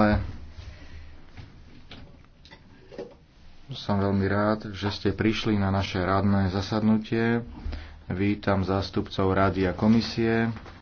ale som veľmi rád, že ste prišli na naše radné zasadnutie. Vítam zástupcov rady a komisie.